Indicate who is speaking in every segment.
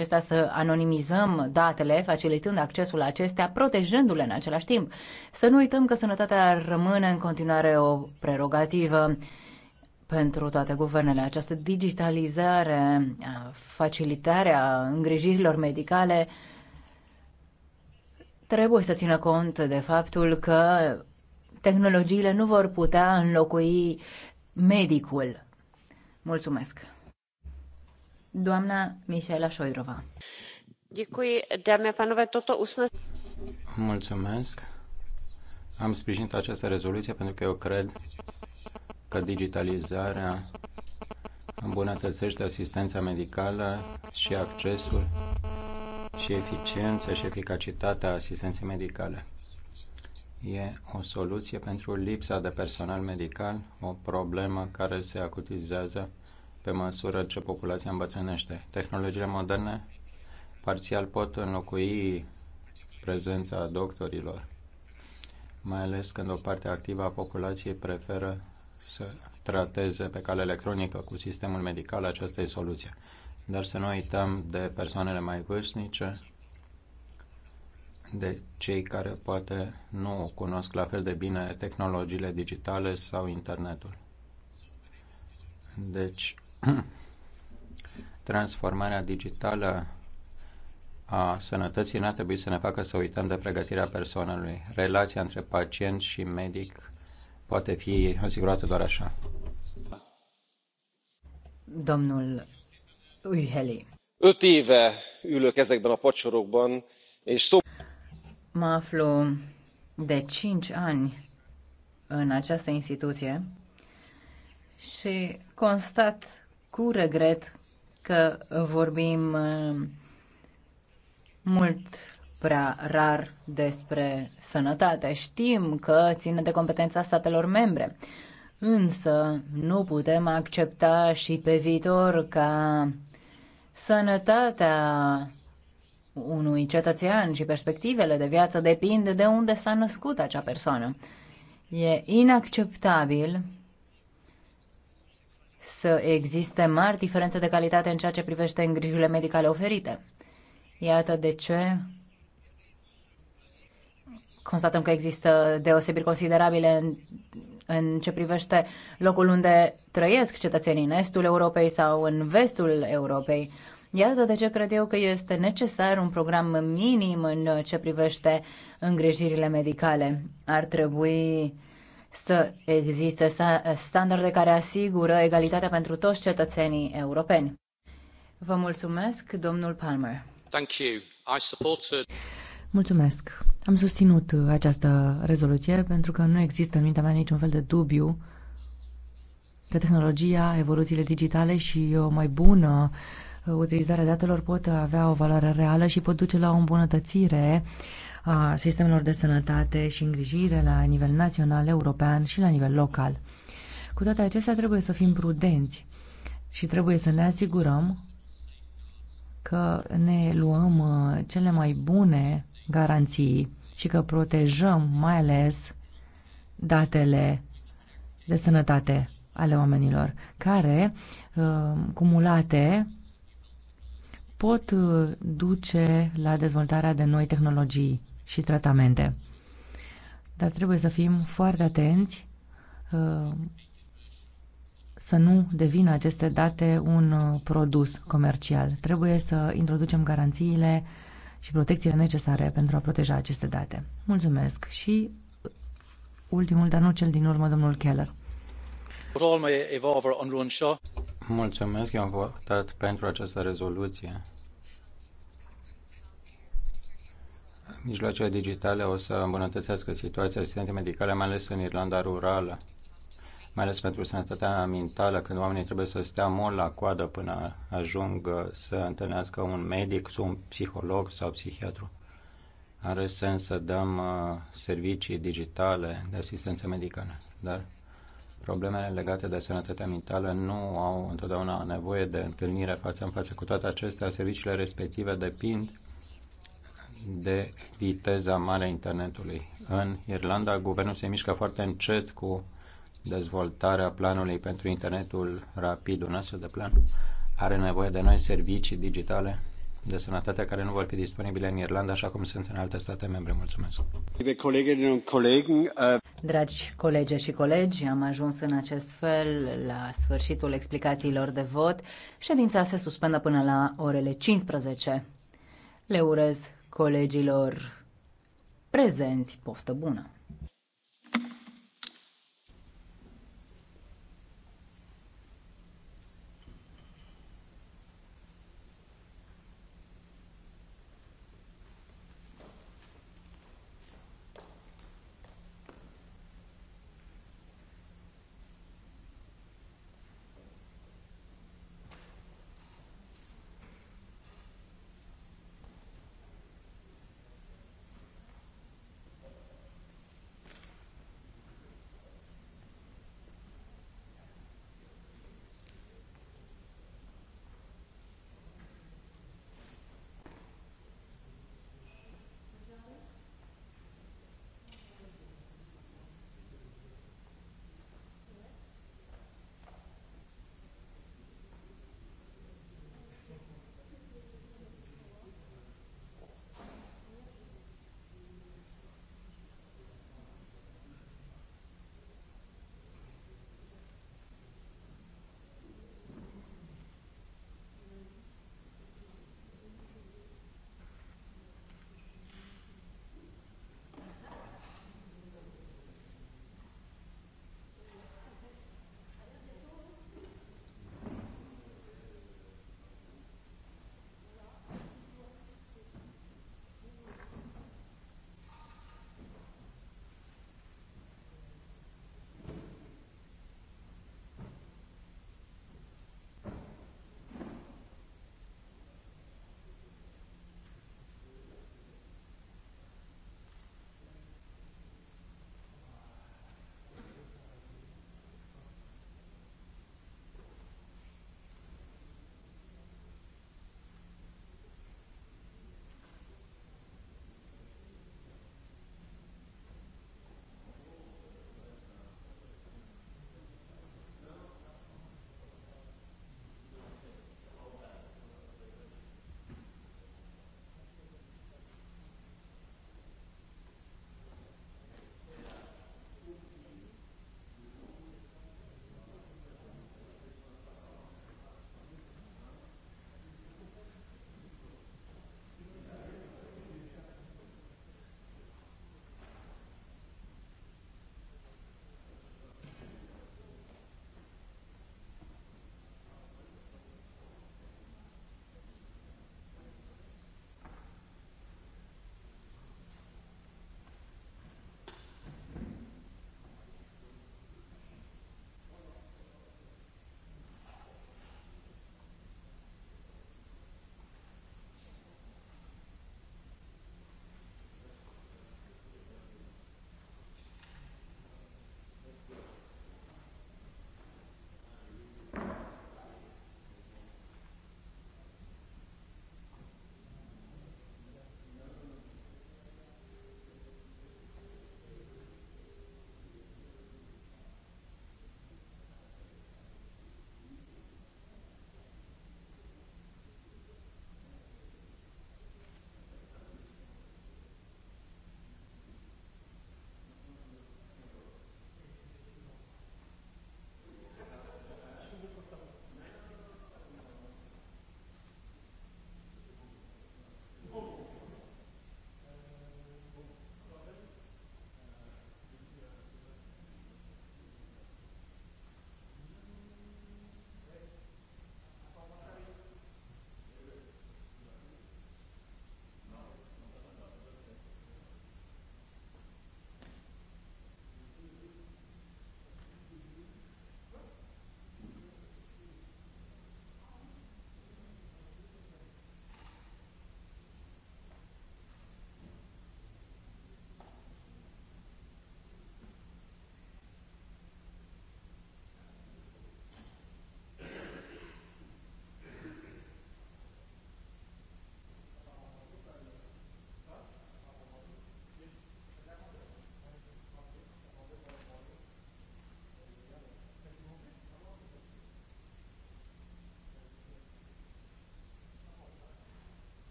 Speaker 1: acesta să anonimizăm datele, facilitând accesul la acestea, protejându-le în același timp. Să nu uităm că sănătatea rămâne în continuare o prerogativă pentru toate guvernele. Această digitalizare, facilitarea îngrijirilor medicale trebuie să țină cont de faptul că tehnologiile nu vor putea înlocui medicul. Mulțumesc! doamna Mihaela Șoidrova.
Speaker 2: Mulțumesc. Am sprijinit această rezoluție pentru că eu cred că digitalizarea îmbunătățește asistența medicală și accesul și eficiența și eficacitatea asistenței medicale. E o soluție pentru lipsa de personal medical, o problemă care se acutizează pe măsură ce populația îmbătrânește. Tehnologiile moderne parțial pot înlocui prezența doctorilor, mai ales când o parte activă a populației preferă să trateze pe cale electronică cu sistemul medical, această soluție. Dar să nu uităm de persoanele mai vârstnice, de cei care poate nu cunosc la fel de bine tehnologiile digitale sau internetul. Deci, transformarea digitală a sănătății nu ar trebui să ne facă să uităm de pregătirea personalului. Relația între pacient și medic poate fi asigurată doar așa.
Speaker 1: Domnul Uiheli.
Speaker 2: Ötéve ülök ezekben a pacsorokban, és szó...
Speaker 1: Mă aflu de 5 ani în această instituție și constat cu regret că vorbim uh, mult prea rar despre sănătate. Știm că ține de competența statelor membre, însă nu putem accepta și pe viitor ca sănătatea unui cetățean și perspectivele de viață depind de unde s-a născut acea persoană. E inacceptabil să existe mari diferențe de calitate în ceea ce privește îngrijirile medicale oferite. Iată de ce constatăm că există deosebiri considerabile în, în ce privește locul unde trăiesc cetățenii în estul Europei sau în vestul Europei. Iată de ce cred eu că este necesar un program minim în ce privește îngrijirile medicale. Ar trebui să existe standarde care asigură egalitatea pentru toți cetățenii europeni. Vă mulțumesc, domnul Palmer.
Speaker 2: Thank you. I supported...
Speaker 3: Mulțumesc. Am susținut această rezoluție pentru că nu există în mintea mea niciun fel de dubiu că tehnologia, evoluțiile digitale și o mai bună uh, utilizare datelor pot avea o valoare reală și pot duce la o îmbunătățire uh, a sistemelor de sănătate și îngrijire la nivel național, european și la nivel local. Cu toate acestea, trebuie să fim prudenți și trebuie să ne asigurăm că ne luăm uh, cele mai bune garanții și că protejăm mai ales datele de sănătate ale oamenilor, care, uh, cumulate, pot uh, duce la dezvoltarea de noi tehnologii și tratamente. Dar trebuie să fim foarte atenți uh, să nu devină aceste date un uh, produs comercial. Trebuie să introducem garanțiile și protecțiile necesare pentru a proteja aceste date. Mulțumesc și uh, ultimul, dar nu cel din urmă, domnul Keller.
Speaker 2: Mulțumesc, eu am votat pentru această rezoluție Mijloacele digitale o să îmbunătățească situația asistenței medicale, mai ales în Irlanda rurală, mai ales pentru sănătatea mentală, când oamenii trebuie să stea mult la coadă până ajung să întâlnească un medic, un psiholog sau psihiatru. Are sens să dăm uh, servicii digitale de asistență medicală, dar problemele legate de sănătatea mentală nu au întotdeauna nevoie de întâlnire față în față. Cu toate acestea, serviciile respective depind de viteza mare a internetului. În Irlanda, guvernul se mișcă foarte încet cu dezvoltarea planului pentru internetul rapid. Un astfel de plan are nevoie de noi servicii digitale de sănătate care nu vor fi disponibile în Irlanda, așa cum sunt în alte state membre. Mulțumesc! Äh,
Speaker 1: Dragi colege și colegi, am ajuns în acest fel la sfârșitul explicațiilor de vot. Ședința se suspendă până la orele 15. Le urez colegilor prezenți. Poftă bună!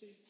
Speaker 4: succès.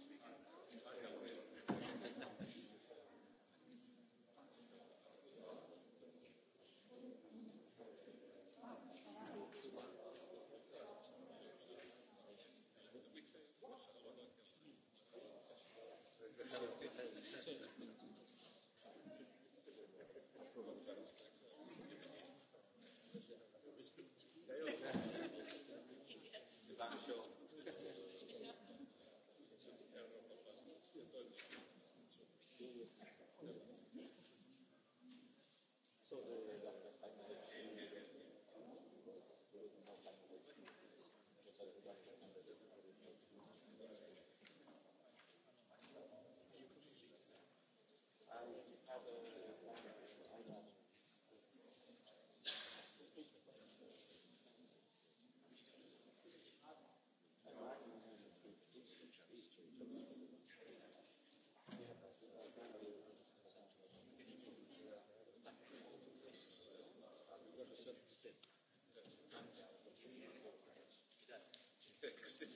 Speaker 4: Yeah,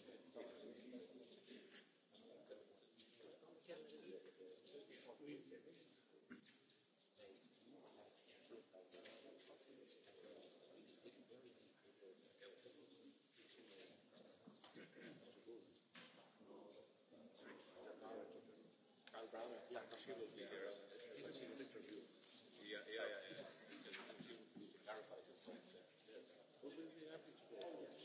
Speaker 4: because she will be here. But she will interview.
Speaker 3: Yeah, yeah, yeah. yeah. So she
Speaker 4: will clarify the points there. We'll be happy to go.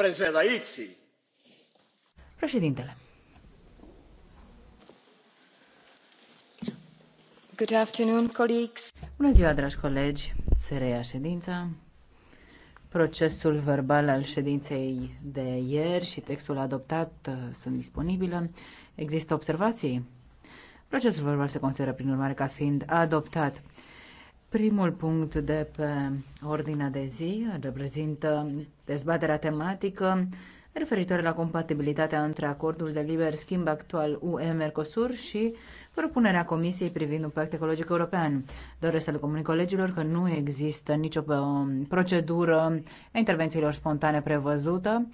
Speaker 4: Presedaiții.
Speaker 1: Președintele. Good afternoon, colleagues. Bună ziua, dragi colegi. Se reia ședința. Procesul verbal al ședinței de ieri și textul adoptat uh, sunt disponibile. Există observații? Procesul verbal se consideră prin urmare ca fiind adoptat. Primul punct de pe ordinea de zi reprezintă dezbaterea tematică referitoare la compatibilitatea între acordul de liber schimb actual UE-Mercosur și propunerea Comisiei privind un pact ecologic european. Doresc să le comunic colegilor că nu există nicio procedură a intervențiilor spontane prevăzută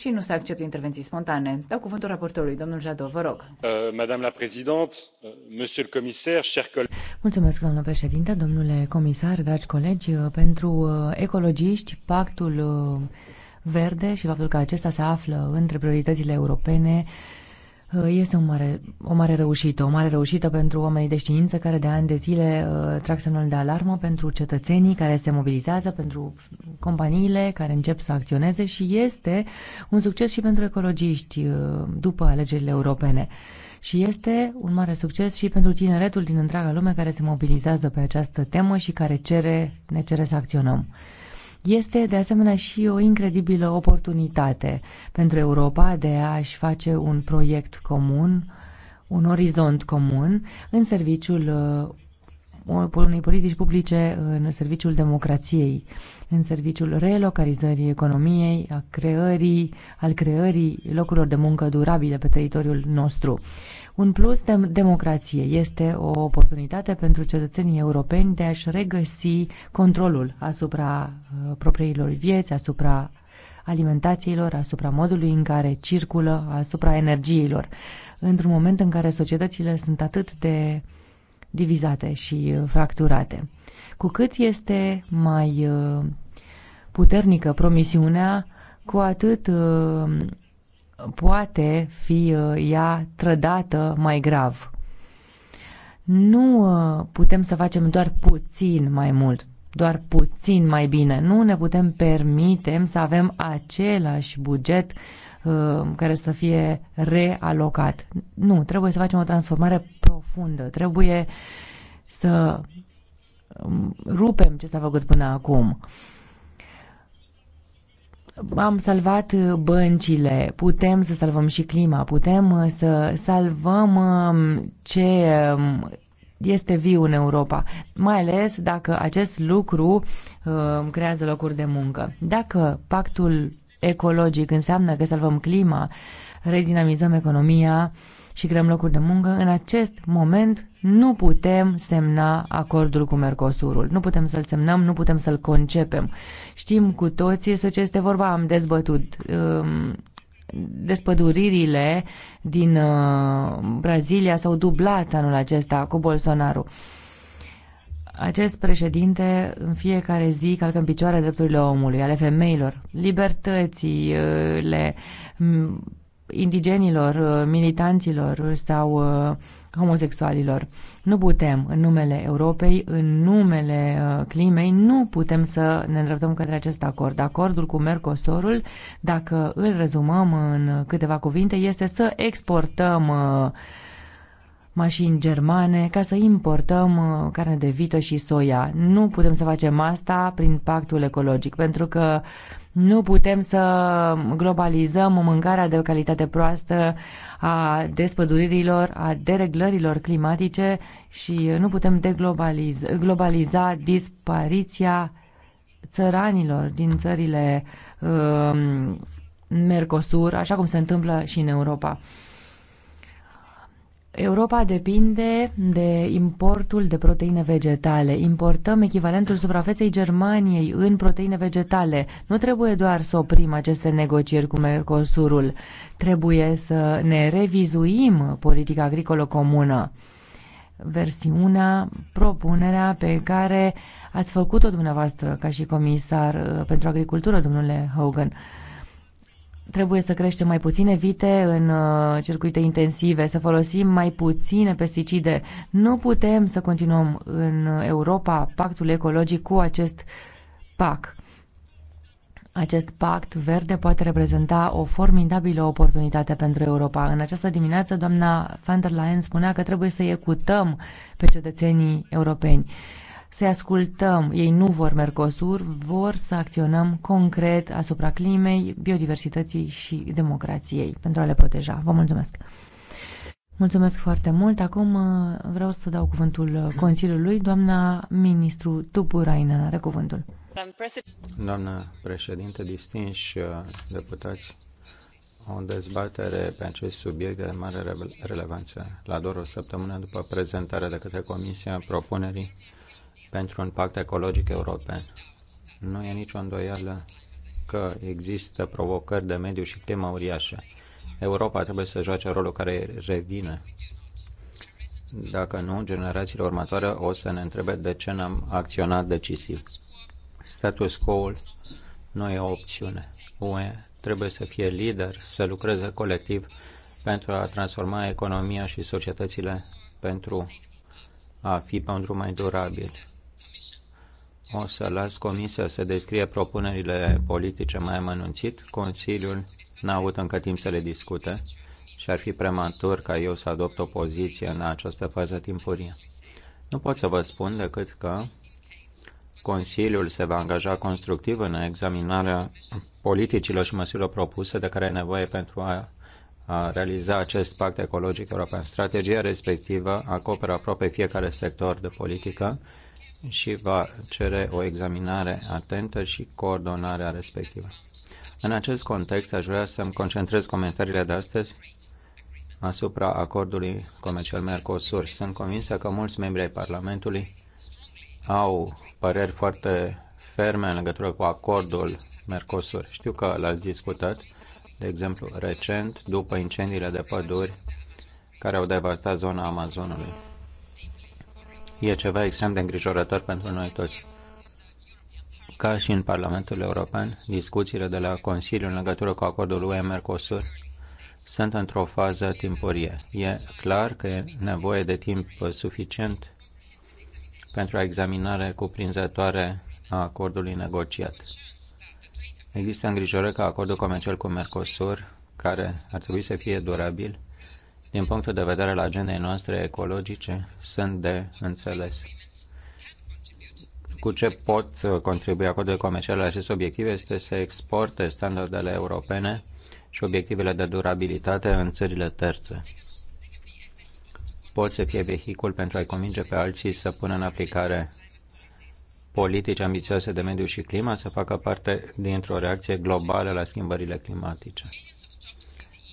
Speaker 1: și nu se acceptă intervenții
Speaker 3: spontane. Dau cuvântul raportorului, domnul Jadot, vă rog.
Speaker 2: Uh, madame la Présidente, uh, Monsieur le Commissaire, chers collègues.
Speaker 3: Mulțumesc, domnule președinte, domnule comisar, dragi colegi. Uh, pentru ecologiști, pactul verde și faptul că acesta se află între prioritățile europene Uh, este un mare, o mare reușită, o mare reușită pentru oamenii de știință care de ani de zile uh, trag semnul de alarmă, pentru cetățenii care se mobilizează, pentru companiile care încep să acționeze și este un succes și pentru ecologiști uh, după alegerile europene. Și este un mare succes și pentru tineretul din întreaga lume care se mobilizează pe această temă și care cere, ne cere să acționăm. Este de asemenea și o incredibilă oportunitate pentru Europa de a-și face un proiect comun, un orizont comun în serviciul uh, unei politici publice în serviciul democrației, în serviciul relocalizării economiei, a creării, al creării locurilor de muncă durabile pe teritoriul nostru un plus de democrație. Este o oportunitate pentru cetățenii europeni de a-și regăsi controlul asupra uh, propriilor vieți, asupra alimentațiilor, asupra modului în care circulă, asupra energiilor. Într-un moment în care societățile sunt atât de divizate și uh, fracturate. Cu cât este mai uh, puternică promisiunea, cu atât poate fi uh, ea trădată mai grav. Nu uh, putem să facem doar puțin mai mult, doar puțin mai bine. Nu ne putem permite să avem același buget uh, care să fie realocat. Nu, trebuie să facem o transformare profundă. Trebuie să um, rupem ce s-a făcut până acum. Am salvat uh, băncile, putem să salvăm și clima, putem uh, să salvăm um, ce um, este viu în Europa, mai ales dacă acest lucru um, creează locuri de muncă. Dacă pactul ecologic înseamnă că salvăm clima, redinamizăm economia, și creăm locuri de muncă, în acest moment nu putem semna acordul cu Mercosurul. Nu putem să-l semnăm, nu putem să-l concepem. Știm cu toții despre ce este vorba. Am dezbătut um, despăduririle din uh, Brazilia s-au dublat anul acesta cu Bolsonaro. Acest președinte în fiecare zi calcă în picioare drepturile omului, ale femeilor, libertățile, indigenilor, uh, militanților sau uh, homosexualilor. Nu putem, în numele Europei, în numele uh, climei, nu putem să ne îndreptăm către acest acord. Acordul cu Mercosorul, dacă îl rezumăm în câteva cuvinte, este să exportăm mașini germane ca să importăm carne de vită și soia. Nu putem să facem asta prin pactul ecologic, pentru că uh, nu putem să globalizăm mâncarea de calitate proastă a despăduririlor, a dereglărilor climatice și nu putem deglobaliza globaliza dispariția țăranilor din țările uh, Mercosur, așa cum se întâmplă și în Europa. Europa depinde de importul de proteine vegetale. Importăm echivalentul suprafeței Germaniei în proteine vegetale. Nu trebuie doar să oprim aceste negocieri cu Mercosurul. Trebuie să ne revizuim politica agricolă comună. Versiunea, propunerea pe care ați făcut-o dumneavoastră ca și comisar uh, pentru agricultură, domnule Hogan trebuie să creștem mai puține vite în uh, circuite intensive, să folosim mai puține pesticide. Nu putem să continuăm în Europa pactul ecologic cu acest pact. Acest pact verde poate reprezenta o formidabilă oportunitate pentru Europa. În această dimineață, doamna van der Leyen spunea că trebuie să ecutăm pe cetățenii europeni. Uh, să-i ascultăm. Ei nu vor Mercosur, vor să acționăm concret asupra climei, biodiversității și democrației pentru a le proteja. Vă mulțumesc! Mulțumesc foarte mult. Acum uh, vreau să dau cuvântul Consiliului. Doamna ministru Tupurainen are cuvântul.
Speaker 2: Doamnă președinte, distinși uh, deputați, o dezbatere pe acest subiect de mare relevanță la doar o săptămână după prezentarea de către Comisia propunerii pentru un pact ecologic european. Nu e nicio îndoială că există provocări de mediu și climă uriașe. Europa trebuie să joace rolul care revine. Dacă nu, generațiile următoare o să ne întrebe de ce n-am acționat decisiv. Status quo nu e o opțiune. UE trebuie să fie lider, să lucreze colectiv pentru a transforma economia și societățile pentru a fi pe un drum mai durabil. O să las Comisia să descrie propunerile politice mai amănunțit. Consiliul n-a avut încă timp să le discute și ar fi prematur ca eu să adopt o poziție în această fază timpurie. Nu pot să vă spun decât că Consiliul se va angaja constructiv în examinarea politicilor și măsurilor propuse de care e nevoie pentru a a realiza acest pact ecologic european. Strategia respectivă acoperă aproape fiecare sector de politică și va cere o examinare atentă și coordonarea respectivă. În acest context, aș vrea să-mi concentrez comentariile de astăzi asupra acordului comercial Mercosur. Sunt convinsă că mulți membri ai Parlamentului au păreri foarte ferme în legătură cu acordul Mercosur. Știu că l-ați discutat, de exemplu, recent, după incendiile de păduri care au devastat zona Amazonului e ceva extrem de îngrijorător pentru noi toți. Ca și în Parlamentul European, discuțiile de la Consiliu în legătură cu acordul UE-Mercosur sunt într-o fază timpurie. E clar că e nevoie de timp suficient pentru o examinare cuprinzătoare a acordului negociat. Există îngrijorări că acordul comercial cu Mercosur, care ar trebui să fie durabil, din punctul de vedere al agendei noastre ecologice, sunt de înțeles. Cu ce pot contribui acordurile comerciale la aceste obiective este să exporte standardele europene și obiectivele de durabilitate în țările terțe. Pot să fie vehicul pentru a-i convinge pe alții să pună în aplicare politici ambițioase de mediu și clima să facă parte dintr-o reacție globală la schimbările climatice.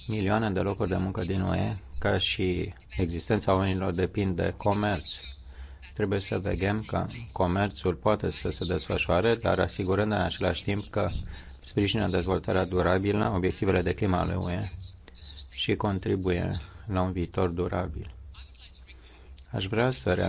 Speaker 2: Milioane de locuri de muncă din UE ca și existența oamenilor depinde de comerț. Trebuie să vedem că comerțul poate să se desfășoare, dar asigurând în același timp că sprijină dezvoltarea durabilă, obiectivele de clima ale UE și contribuie la un viitor durabil. Aș vrea să reamintesc